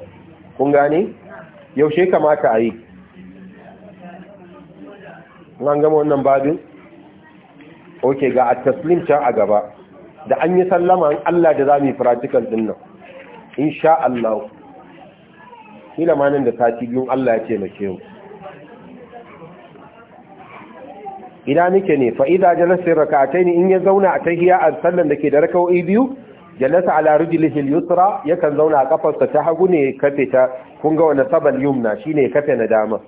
kun gane yaushe kamata a yi an gama wannan babin ok ga at taslim can a gaba da an yi sallama Allah da za mu yi practical din nan sha Allah shi da manin da sati biyun Allah ya ce taimake mu ina nike ne fa da jalasa ne in ya zauna a tahiya a sallan ke da raka'o'i biyu jalasa ala rijlihi yusra yakan zauna a kafarsa ta hagu ne kafe ta kun ga wannan sabal yumna shine kafe na dama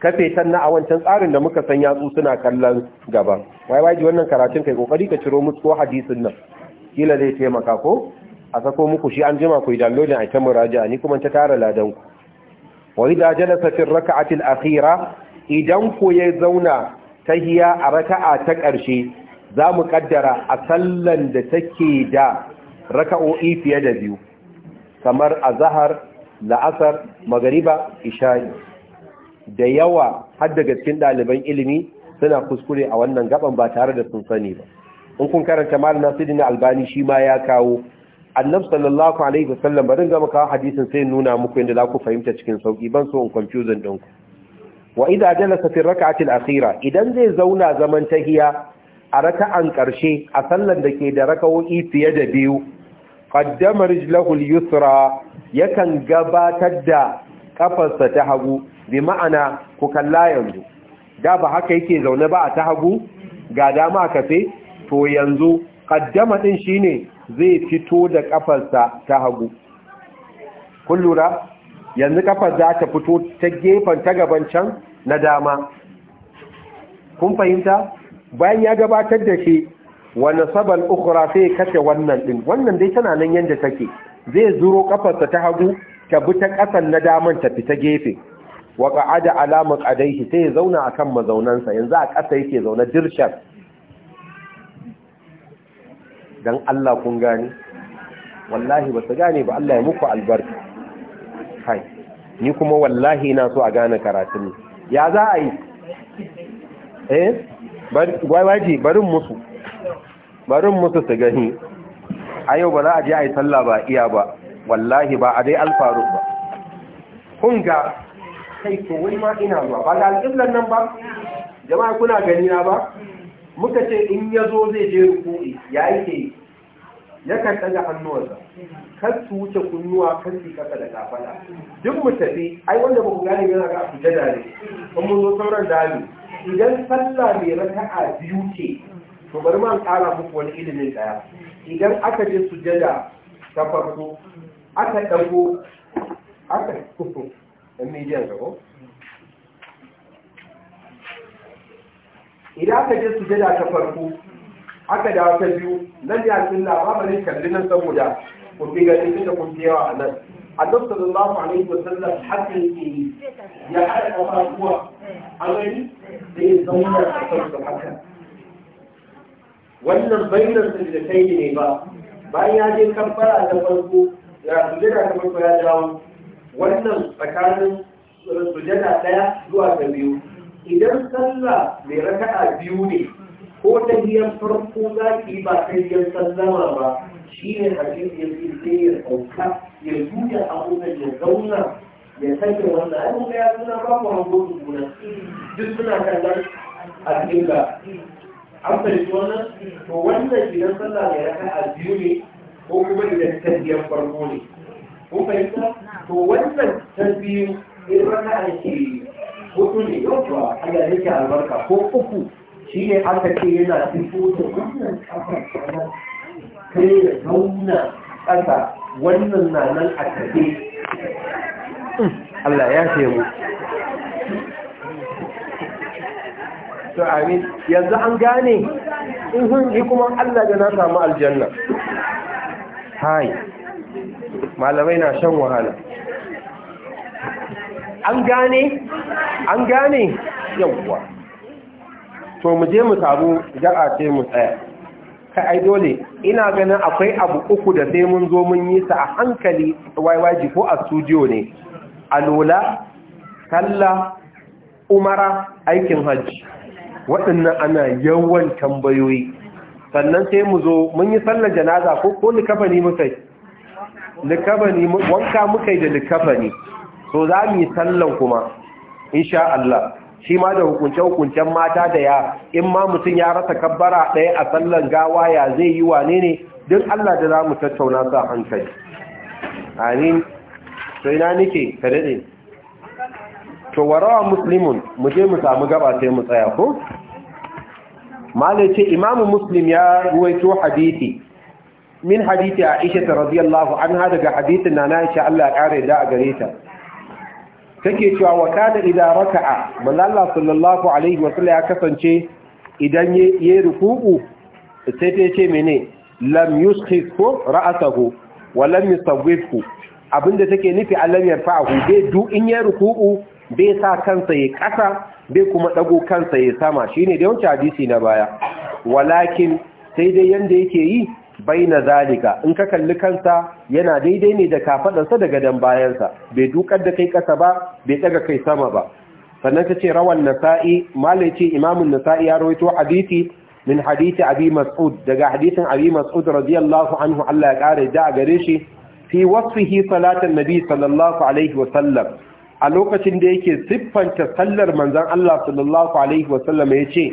kafe ta na a wancan tsarin da muka san yatsu suna kallon gaba wai waji wannan karatun kai kokari ka ciro musu ko hadisin nan kila zai taimaka ko a sako muku shi an jima ku yi downloading a raja ni kuma ta tara ladan ku wa idza jalasa fi rak'ati akhira idan ku ya zauna ta tahiya a raka'a ta ƙarshe za mu kaddara a sallan da take da raka'o'i fiye da biyu kamar azhar la'asar magariba isha'i da yawa har daga cikin ɗaliban ilimi suna kuskure a wannan gaban ba tare da sun sani ba in kun karanta malam na albani shi ma ya kawo annabi sallallahu alaihi wasallam bari ga maka hadisin sai nuna muku yadda za ku fahimta cikin sauki ban so in confusion din ku wa idza jalasa fi rak'atil akhira idan zai zauna zaman tahiya a raka'an karshe a sallan da ke da raka'o'i fiye da biyu qaddama rijlahu al-yusra yakan gabatar da kafarsa ta hagu bi ma'ana ku kalla yanzu da ba haka yake zaune ba a ta hagu ga dama kafe to yanzu qaddama din shine zai fito da kafarsa ta hagu kun lura yanzu kafar za ta fito ta gefen ta gaban can na dama kun fahimta bayan ya gabatar da shi wani sabal ukura sai kashe wannan ɗin? wannan dai tana nan yadda take zai zuro kafarsa ta hagu ta bi ta ƙasan na daman ta fita gefe wa alamun alama sai ya zauna a kan mazaunansa yanzu a ƙasa yake zaune dirshar don Allah kun gani wallahi ba su gane ba Allah ya muku albarka kai ni kuma wallahi na so a gane karatun ya za a yi eh waje barin musu barin musu su gani a yau ba za a je a yi sallah ba iya ba wallahi ba a dai alfaru ba kun ga kai to wai ma ina zuwa ba ga alƙiblan nan ba jama'a kuna gani na ba muka ce in ya zo zai je rukuni ya yi ke ya kan ɗaga hannuwarsa kar su wuce kunnuwa kar su kasa da kafada duk mu tafi ai wanda ba gane yana ga su jada ne kuma mun zo sauran dami idan sallah mai raka'a biyu ce to bari ma ƙara muku wani ilimin ɗaya idan aka je su sujada ta farko aka ɗago aka kufu ɗan midiyan gaba idan aka je jada ta farko aka dawo ta biyu nan ya sunna ba bane kalli nan saboda ku fi ganin da ku yawa a nan annabi sallallahu alaihi wa sallam hakan ke ya haɗa kafafuwa a gani da ya zama a kansu haka wannan ta yi ne ba bayan ya je fara ta farko ya sujada ta farko ya jawo. wannan tsakanin sujada ɗaya zuwa ta biyu idan sallah mai raka'a biyu ne ko ta hiyar farko za ki ba ta hiyar sallama ba shi ne a cikin ce sai ya sauka ya a abubuwan ya zauna ya sake wannan ai kuma ya suna ba mu hango su guna duk suna kallon a cikin ba an fahimci wannan to wannan idan sallah mai raka'a biyu ne ko kuma idan ta hiyar farko ne ko fahimta to wannan ta biyu in raka'a ke hudu ne a Allah yake albarka ko uku shi ne aka ce yana fito da wannan kafar kai da zauna ƙasa wannan na nan a tafe Allah ya ce mu to amin yanzu an gane in hun yi kuma Allah da na samu aljanna hai malamai na shan wahala an gane an gane yawwa to mu je mu taru ja'a ce mu tsaya kai ai dole ina ganin akwai abu uku da sai mun zo mun yi sa a hankali YYG ko a studio ne alola kalla umara aikin hajji waɗannan ana yawan tambayoyi sannan sai mu zo mun yi sallar janaza ko ko likafani muka yi likafani wanka muka yi da likafani To za mu yi sallan kuma insha Allah shi ma da hukunce-hukuncen mata da ya in ma mutum ya rasa kabbara ɗaya a sallan gawa ya zai yi wane ne duk Allah da za mu tattauna sa hankali amin to ina nake ka daɗe to warawa muslimun mu je mu samu gaba sai mu tsaya ko malai ce imamu muslim ya ruwaito hadisi min hadisi aisha radiyallahu anha daga hadisin nana aisha Allah ya kare da a gare ta take cewa wa kada idan raka'a manzo sallallahu alaihi wasallam ya kasance idan yayi ruku'u sai ta ce mene lam yuskhifu ko ra'atahu wa lam yusawwifu abinda take nufi alam yarfa'ahu bai du in yayi ruku'u bai sa kansa ya kasa bai kuma dago kansa ya sama shine da wancan hadisi na baya walakin sai dai yanda yake yi baina zalika in ka kalli kansa yana daidai ne da kafadarsa daga dan bayansa bai dukar da kai kasa ba bai daga kai sama ba sannan ta ce rawan nasa'i malai ce imamun nasa'i ya rawaito hadisi min hadisi abi mas'ud daga hadisin abi mas'ud radiyallahu anhu Allah ya kare da gare shi fi wasfihi salatan nabi sallallahu alaihi wa sallam a lokacin da yake siffanta sallar manzon Allah sallallahu alaihi wa sallam yace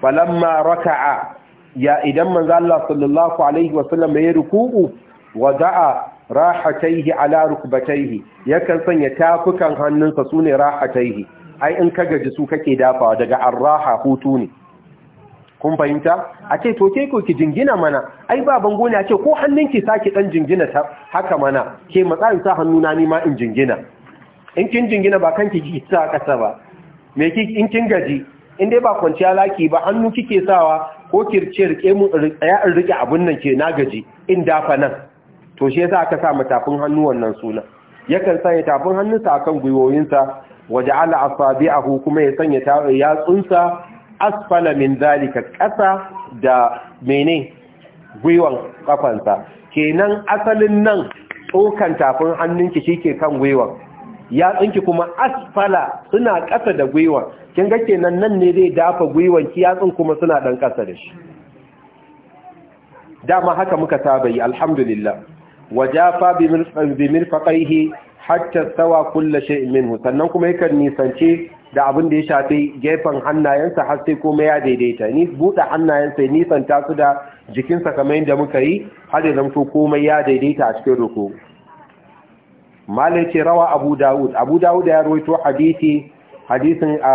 falamma raka'a ya idan manzo Allah sallallahu alaihi sallam ya ruku'u wada'a rahataihi ala rukbataihi yakan sanya tafukan hannunsa sune rahataihi ai in ka gaji su kake dafawa daga arraha hutu ne kun fahimta a ce to ke ko ki jingina mana ai ba bango ne a ce ko hannunki saki dan jingina ta haka mana ke matsayin sa hannuna ni ma in jingina in kin jingina ba kanki ki sa kasa ba me ki kin gaji in dai ba kwanciya laki ba hannu kike sawa ko kirce rike mu tsaya in rike abun nan ke na gaji in dafa nan to shi yasa aka sa matafin hannu wannan suna yakan sanya tafin hannunsa akan guyoyinsa waje ala asabi'ahu kuma ya sanya yatsunsa asfala min zalika da mene gwiwan kafansa kenan asalin nan tsokan tafin hannunki shike kan gwiwan yatsunki kuma asfala suna ƙasa da guyon kin ga kenan nan ne zai dafa gwiwan kiyatsun kuma suna dan kasa da shi dama haka muka saba yi alhamdulillah wajafa bi mirfaqaihi hatta sawa kullu shay'in minhu sannan kuma yakan nisance da abin da ya shafi gefen hannayensa har sai kuma ya daidaita ni buɗe hannayensa ya nisanta su da jikinsa kamar yadda muka yi har yanzu zamto komai ya daidaita a cikin ruku malai ce rawa abu da'ud, abu dawud ya rawaito hadisi hadisin a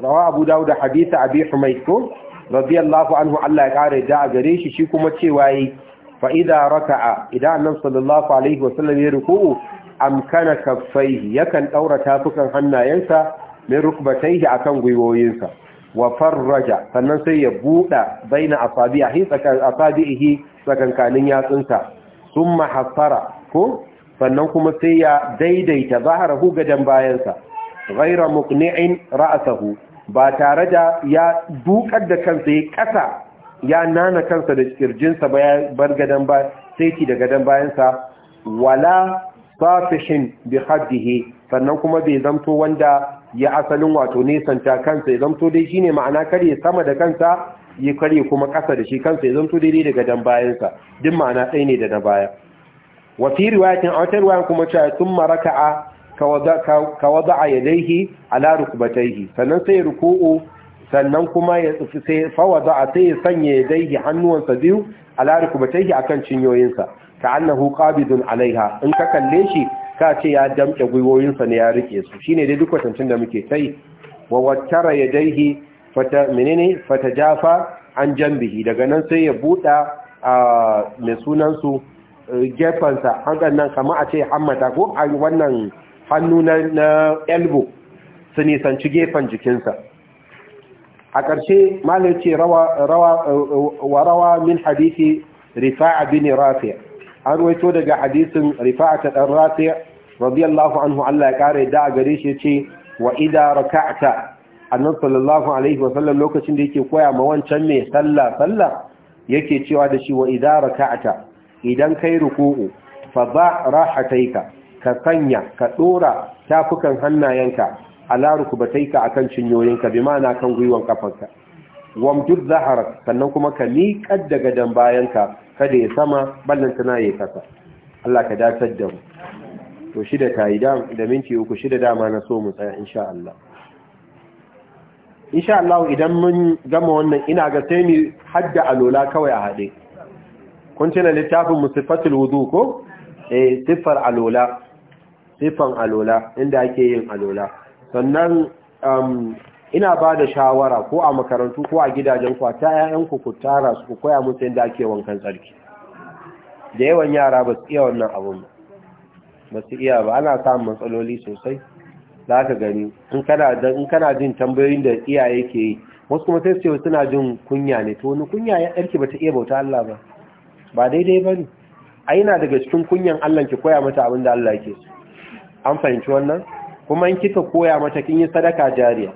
rawa abu dawud hadisa abi humayt ko radiyallahu anhu Allah ya kare da gare shi shi kuma cewa yi fa idza raka'a idan annab sallallahu alaihi wa sallam ya ruku'u amkana kaffaihi yakan daura tafukan hannayensa min rukbatayhi akan gwiwoyinsa wa farraja sannan sai ya buɗa baina asabi'ihi tsakan asabi'ihi tsakankanin yatsunsa summa hasara ko sannan kuma sai ya daidaita zaharahu gadan bayansa ghaira muqni'in ra'asahu ba tare da ya dukar da kansa ya kasa ya nana kansa da kirjinsa ba ya bar gadan ba sai ki da gadan bayansa wala safihin bi haddihi sannan kuma bai zamto wanda ya asalin wato nesanta kansa ya zamto dai shine ma'ana kare sama da kansa ya kare kuma kasa da shi kansa ya zamto daidai da gadan bayansa duk ma'ana ɗaya ne da na baya wa fi riwayatin a wata kuma cewa tun maraka'a ka wada a yadaihi ala rukubataihi sannan sai ruku'u sannan kuma ya sai fawada a sai ya sanya yadaihi hannuwansa biyu a ala a kan cinyoyinsa ka annahu qabidun alaiha in ka kalle shi ka ce ya damke gwiwoyinsa ne ya rike su Shi ne dai duk watancin da muke sai wa ya daihi, fata menene fatajafa an jambihi daga nan sai ya buɗa a mai sunansu eh, gefansa hankalin nan kama a ce hammata ko a wannan hannu na elbow su nisanci gefen jikinsa a ƙarshe malai ce wa rawa min hadisi rifa'a bin rafiya an ruwaito daga hadisin rifa'a ta ɗan rafiya radiyallahu anhu Allah ya ƙara yadda a gare shi ce wa ida raka'ta annan sallallahu alaihi wasallam lokacin da yake koya ma wancan mai sallah sallah yake cewa da shi wa ida raka'ta idan kai ruku'u fa ba rahataika ka sanya ka dora tafukan hannayenka ala rukubataika akan cinyoyinka bi ma'ana kan gwiwan kafanka wamdud zahar, sannan kuma ka miƙar daga dan bayanka kada ya sama ballan tana ya kasa Allah ka dasar da mu to shida tayi da da minti uku shida dama na so mu tsaya insha Allah insha Allah idan mun gama wannan ina ga sai mu hadda alola kawai a hade kun tana littafin musifatul wudu ko eh sifar alola sifan alola inda ake yin alola sannan um, ina ba da shawara ko a makarantu ko a gidajen kwata ta yayanku ku tara su ku koya musu inda ake wankan tsarki da yawan yara ba su iya wannan abun ba su iya ba ana samun matsaloli sosai za ka gani in kana jin tambayoyin da iyaye ke yi wasu kuma sai su suna jin kunya ne to wani kunya ya tsarki ba ta iya bauta Allah ba ba daidai ba ne a yana daga cikin kunyan Allah ki koya mata abin da Allah ke so an fahimci wannan kuma in kika koya mata kin yi sadaka jariya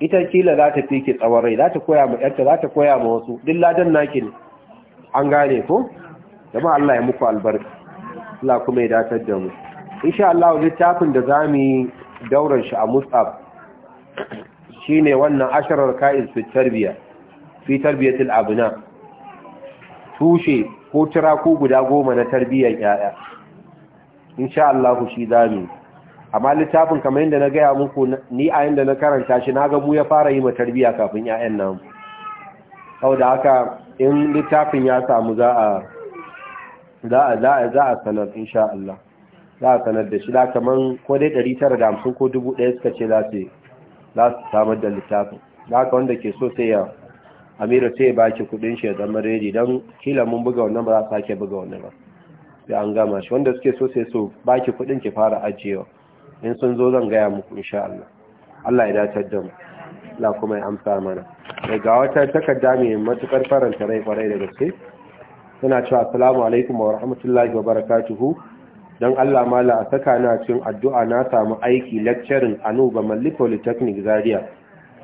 ita kila za ta fi ki tsawon rai za ta koya ma yarta za ta koya ma wasu duk ladan naki ne an gane ko jama'a Allah ya muku albarka Allah kuma ya datar da mu insha Allah littafin da zamu yi dauran shi a Mus'ab shine wannan asharar ka'iz fi tarbiya fi tarbiyatil abna tushe ko tira ko guda goma na tarbiyyar yaya insha Allah shi zami amma littafin kamar yadda na gaya muku ni a yadda na karanta shi na mu ya fara yi ma tarbiya kafin 'ya'yan nan da haka in littafin ya samu za a sanar a za za sanar insha Allah za a sanar da shi da kamar ko 950 ko 1000 suka ce za su samar da littafin za ka wanda ke so sai ya Amiru sai ya baki kudin shi ya zama rediyo don kila mun buga wannan ba za a sake buga wannan ba sai an gama shi wanda suke so sai so baki kudin ki fara ajiyewa in sun zo zan gaya muku insha Allah Allah ya dace da mu la kuma ya amsa mana ga wata takarda mai matukar faranta rai kwarai da gaske suna cewa assalamu alaikum wa rahmatullahi wa barakatuhu don Allah mala a saka na cin addu'a na samu aiki lecturing a Nuba Malli Polytechnic Zaria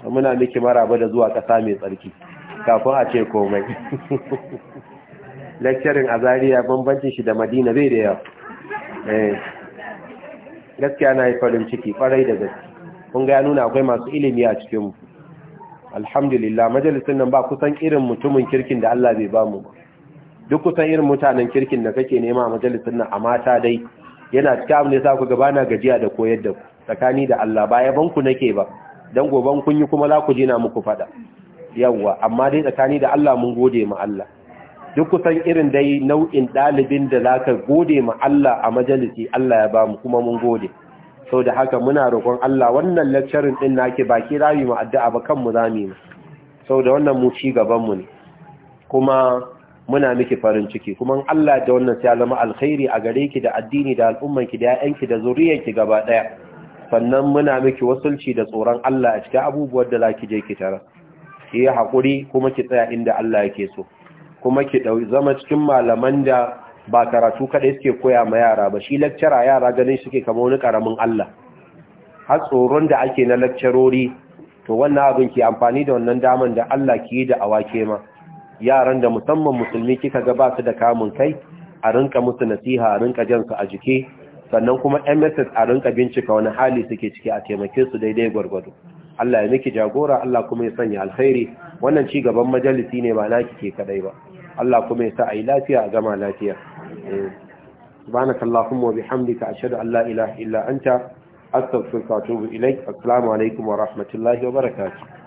muna miki maraba da zuwa ƙasa mai tsarki kafin a ce komai lecturing a Zariya bambancin shi da madina bai da yawa eh, gaskiya na yi farin ciki kwarai da gaske kun ga ya nuna akwai masu ilimi a cikin mu alhamdulillah majalisun nan ba kusan irin mutumin kirkin da Allah bai ba mu duk kusan irin mutanen kirkin da kake nema a majalisun nan a mata dai yana cikin abin da ya ku gaba na gajiya da koyar da ku tsakani da Allah ba ya banku nake ba dan goban kun yi kuma za ku jina muku fada yawwa amma dai tsakani da Allah mun gode ma Allah duk kusan irin dai nau'in ɗalibin da za ka gode ma Allah a majalisi Allah ya ba mu kuma mun gode sau da haka muna roƙon Allah wannan lecturing ɗin nake baki rami ma addu'a ba kanmu za mu sau da wannan mu ci gabanmu ne kuma muna miki farin ciki kuma Allah da wannan sai zama alkhairi a gare ki da addini da al'umman ki da 'ya'yanki da zuriyarki gaba ɗaya sannan muna miki wasulci da tsoron Allah a cikin abubuwan da za ki je ki tara ki yi haƙuri kuma ki tsaya inda Allah yake so kuma ki ɗau zama cikin malaman da ba karatu kaɗai suke koya ma yara ba shi lakcara yara ganin suke kama wani ƙaramin Allah har tsoron da ake na lakcarori to wannan abin ki amfani da wannan daman da Allah ki yi da awake ma yaran da musamman musulmi kika ga ba su da kamun kai a rinka musu nasiha a rinka jan a jiki sannan kuma MSS a rinka bincika wani hali suke ciki a taimake su daidai gwargwado Allah ya miki jagora Allah kuma ya sanya alkhairi wannan ci gaban majalisi ne ba naki ke kadai ba Allah kuma ya sa a yi lafiya a gama lafiya eh. subhanaka allahumma wa bihamdika ashhadu an la ilaha illa anta astaghfiruka wa atubu ilaik assalamu alaikum wa rahmatullahi wa barakatuh